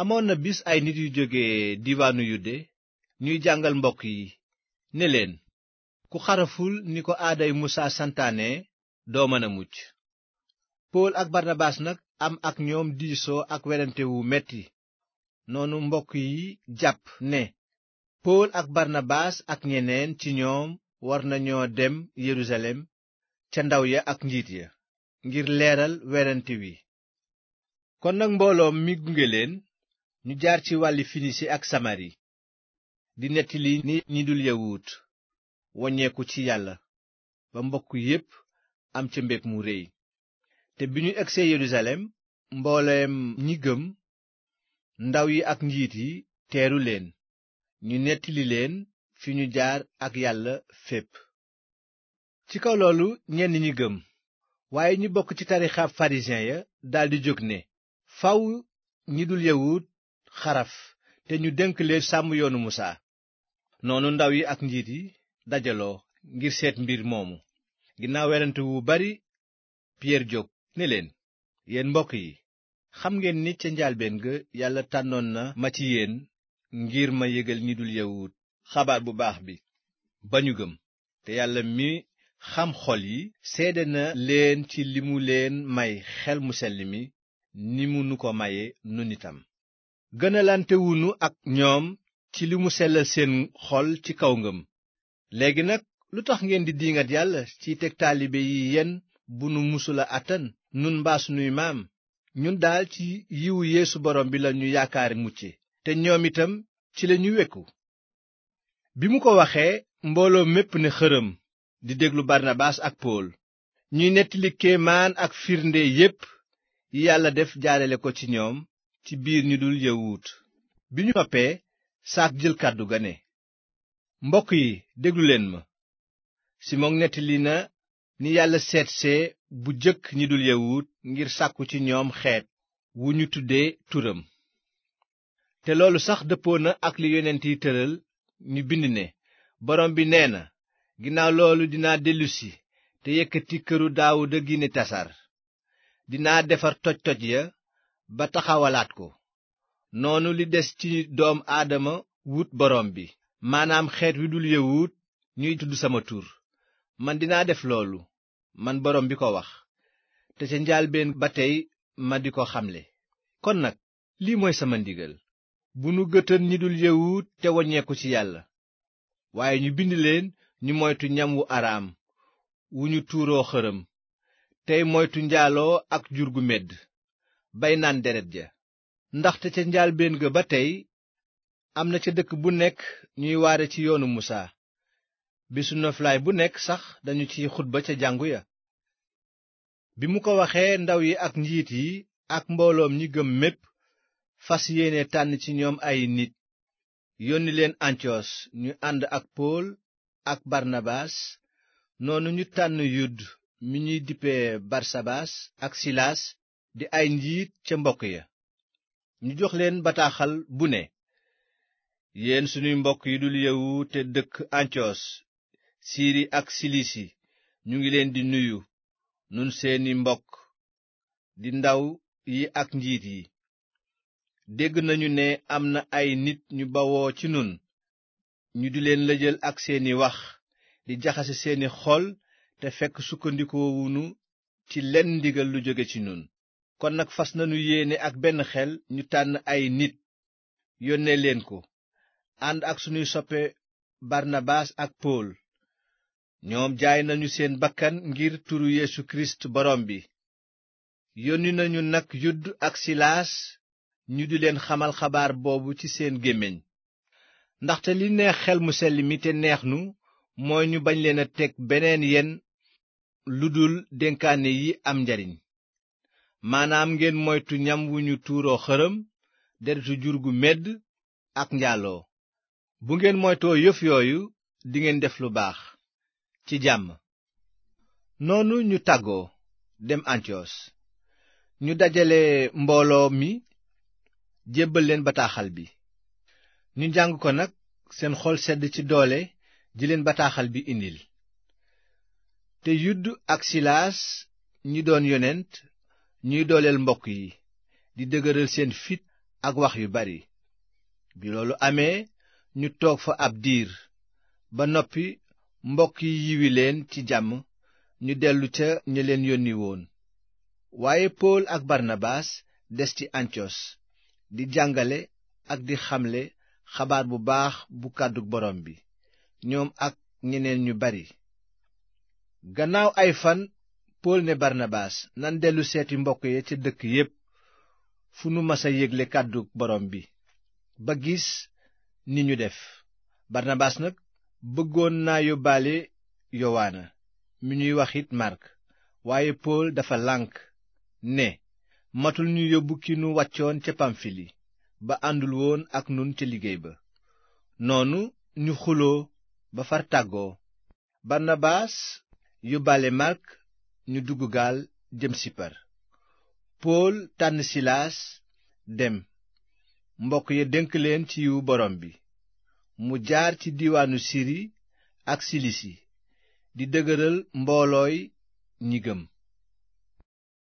amoon na bis ay nit yu jóge diiwaanu yude ñuy jàngal mbokk yi ne leen ku xaraful ni ko aaday musa santaane doomana mën a mucc pool ak barnabaas nag am ak ñoom diisoo ak werante wu metti noonu mbokk yi jàpp ne pool ak barnabaas ak ñeneen ci ñoom war nañoo dem yerusalem ca ndaw ya ak njiit ya ngir leeral werante wi kon nag mbooloo mi gunge leen ñu jaar ci wàlli finisi ak samari di nettali ni ñi dul yawut woññeeku ci yàlla ba mbokk yépp am ca mbég mu réy te bi ñu egsee yerusalem mbooleem ñi gëm ndaw yi ak njiit yi teeru leen ñu nettali leen fi ñu jaar ak yàlla fépp ci kaw loolu ñenn ñi gëm waaye ñu bokk ci tarixaab farisiyen ya daldi jóg ne faw ñi dul yawut xaraf te ñu dénk leen sàmm yoonu musaa noonu ndaw yi ak njiit yi dajaloo ngir seet mbir moomu ginnaaw werante wu bari piyeer jóg ni leen yéen mbokk yi xam ngeen ni ca njaalbeen ga yàlla tànnoon na ma ci yéen ngir ma yégal ñi dul yawut xabaar bu baax bi ba ñu gëm te yàlla mi xam xol yi seede na leen ci li mu leen may xel mu sell mi ni mu nu ko maye nun itam gënalantewuñu ak ñoom ci li mu sellal seen xol ci kaw ngëm léegi nag lu tax ngeen di diingat yàlla ci teg taalibe yi yen bu nu musula àttan nun mbaa sunuy maam ñun daal ci yiwu yéesu borom bi lañu yaakaar mucce te ñoom itam ci lañu wekku bi mu ko waxee mbooloo mépp ne xërëm di déglu barnabaas ak pool ñuy nettali kéemaan ak firnde yépp yi yàlla def jaarale ko ci ñoom ci biir ñu dul yawut bi ñu noppee saak jël kàddu ga ne mbokk yi déglu leen ma simon nettali na ni yàlla seetsee bu jëkk ñi dul yawut ngir sàkku ci ñoom xeet wu ñu tuddee turam te loolu sax dëppoo na ak li yonent yi tëral ñu bind ne borom bi nee na ginnaaw loolu dinaa dellusi te yëkkati këru daawuda gi ni tasar dinaa defar toj toj ya ba taxawalaat ko noonu li des ci doom aadama wut borom bi maanaam xeet wi dul yawut ñuy tudd sama tur man dinaa def loolu man borom bi ko wax te ca njaalbeen ba tey ma di ko xamle kon nag lii mooy sama ndigal bu nu gëtën ñi dul yawut te waññeeku ci yàlla waaye ñu bind leen ñu moytu ñam wu araam wu ñu tuuroo xërëm tey moytu njaaloo ak jur gu medd bay naan deret ja ndaxte ca njaalbéen ga ba tey am na ca dëkk bu nekk ñuy waare ci yoonu musaa bisu noflaay bu nekk sax dañu ciy xutba ca jàngu ya bi mu ko waxee ndaw yi ak njiit yi ak mbooloom ñi gëm mépp fas yéene tànn ci ñoom ay nit yónni leen antiyos ñu ànd ak pool ak barnabaas noonu ñu tànn yudd mi ñuy dippe barsabaas ak silaas di ay njiit ca mbokk ya ñu jox leen bataaxal bu ne yéen sunuy mbokk yi dul yawut te dëkk antiyos siiri ak silisi ñu ngi leen di nuyu nun seeni mbokk di ndaw yi ak njiit yi dégg nañu ne am na ay nit ñu bawoo ci nun ñu di leen lëjal ak seeni wax di jaxase seeni xol te fekk sukkandikoowunu ci lenn ndigal lu jóge ci nun kon nag fas nanu yéene ak benn xel ñu tànn ay nit yónnee leen ko ànd ak sunuy soppe barnabaas ak pool ñoom jaay nañu seen bakkan ngir turu yeesu kirist borom bi yónni nañu nag yudd ak silaas ñu di leen xamal xabaar boobu ci seen gémmiñ ndaxte li neex xel mu selli mi te neex nu mooy ñu bañ leen a teg beneen yen lu dul dénkaane yi am njariñ maanaam ngeen moytu ñam wu ñu tuuroo xërëm deretu jur gu medd ak njaaloo bu ngeen moytoo yëf yooyu dingeen def lu baax ci jàmm noonu ñu tàggoo dem antiyos ñu dajale mbooloo mi jébbal leen bataaxal bi ñu jàng ko nag seen xol sedd ci doole ji leen bataaxal bi indil te yudd ak silaas ñi doon yonent ñuy dooleel mbokk yi di dëgëral seen fit ak wax yu bari bi loolu amee ñu toog fa ab diir ba noppi mbokk yi yiwi leen ci jàmm ñu dellu ca ña leen yónni waaye pool ak barnabaas des ci antiyos di jàngale ak di xamle xabaar bu baax bu kàddu borom bi ñoom ak ñeneen ñu bari pool ne barnabaas nan dellu seeti mbokk ya ca dëkk yépp fu nu masa yegle kàddu borom bi ba gis ni ñu def barnabaas nag bëggoon naa yóbbaale yowaana mi ñuy waxit it màrk waaye pool dafa lànk ne matul ñu yóbbu ki nu wàccoon ca pamfili ba àndul woon ak nun ca liggéey ba noonu ñu xuloo ba far tàggoo barnabaas yóbbaale màrk ñu dugg gaal jëm sipar pool tànn silaas dem mbokk ya dënk leen ci yiwu borom bi mu jaar ci diwaanu siri ak silisi di dëgëral mboolooy ñi gëm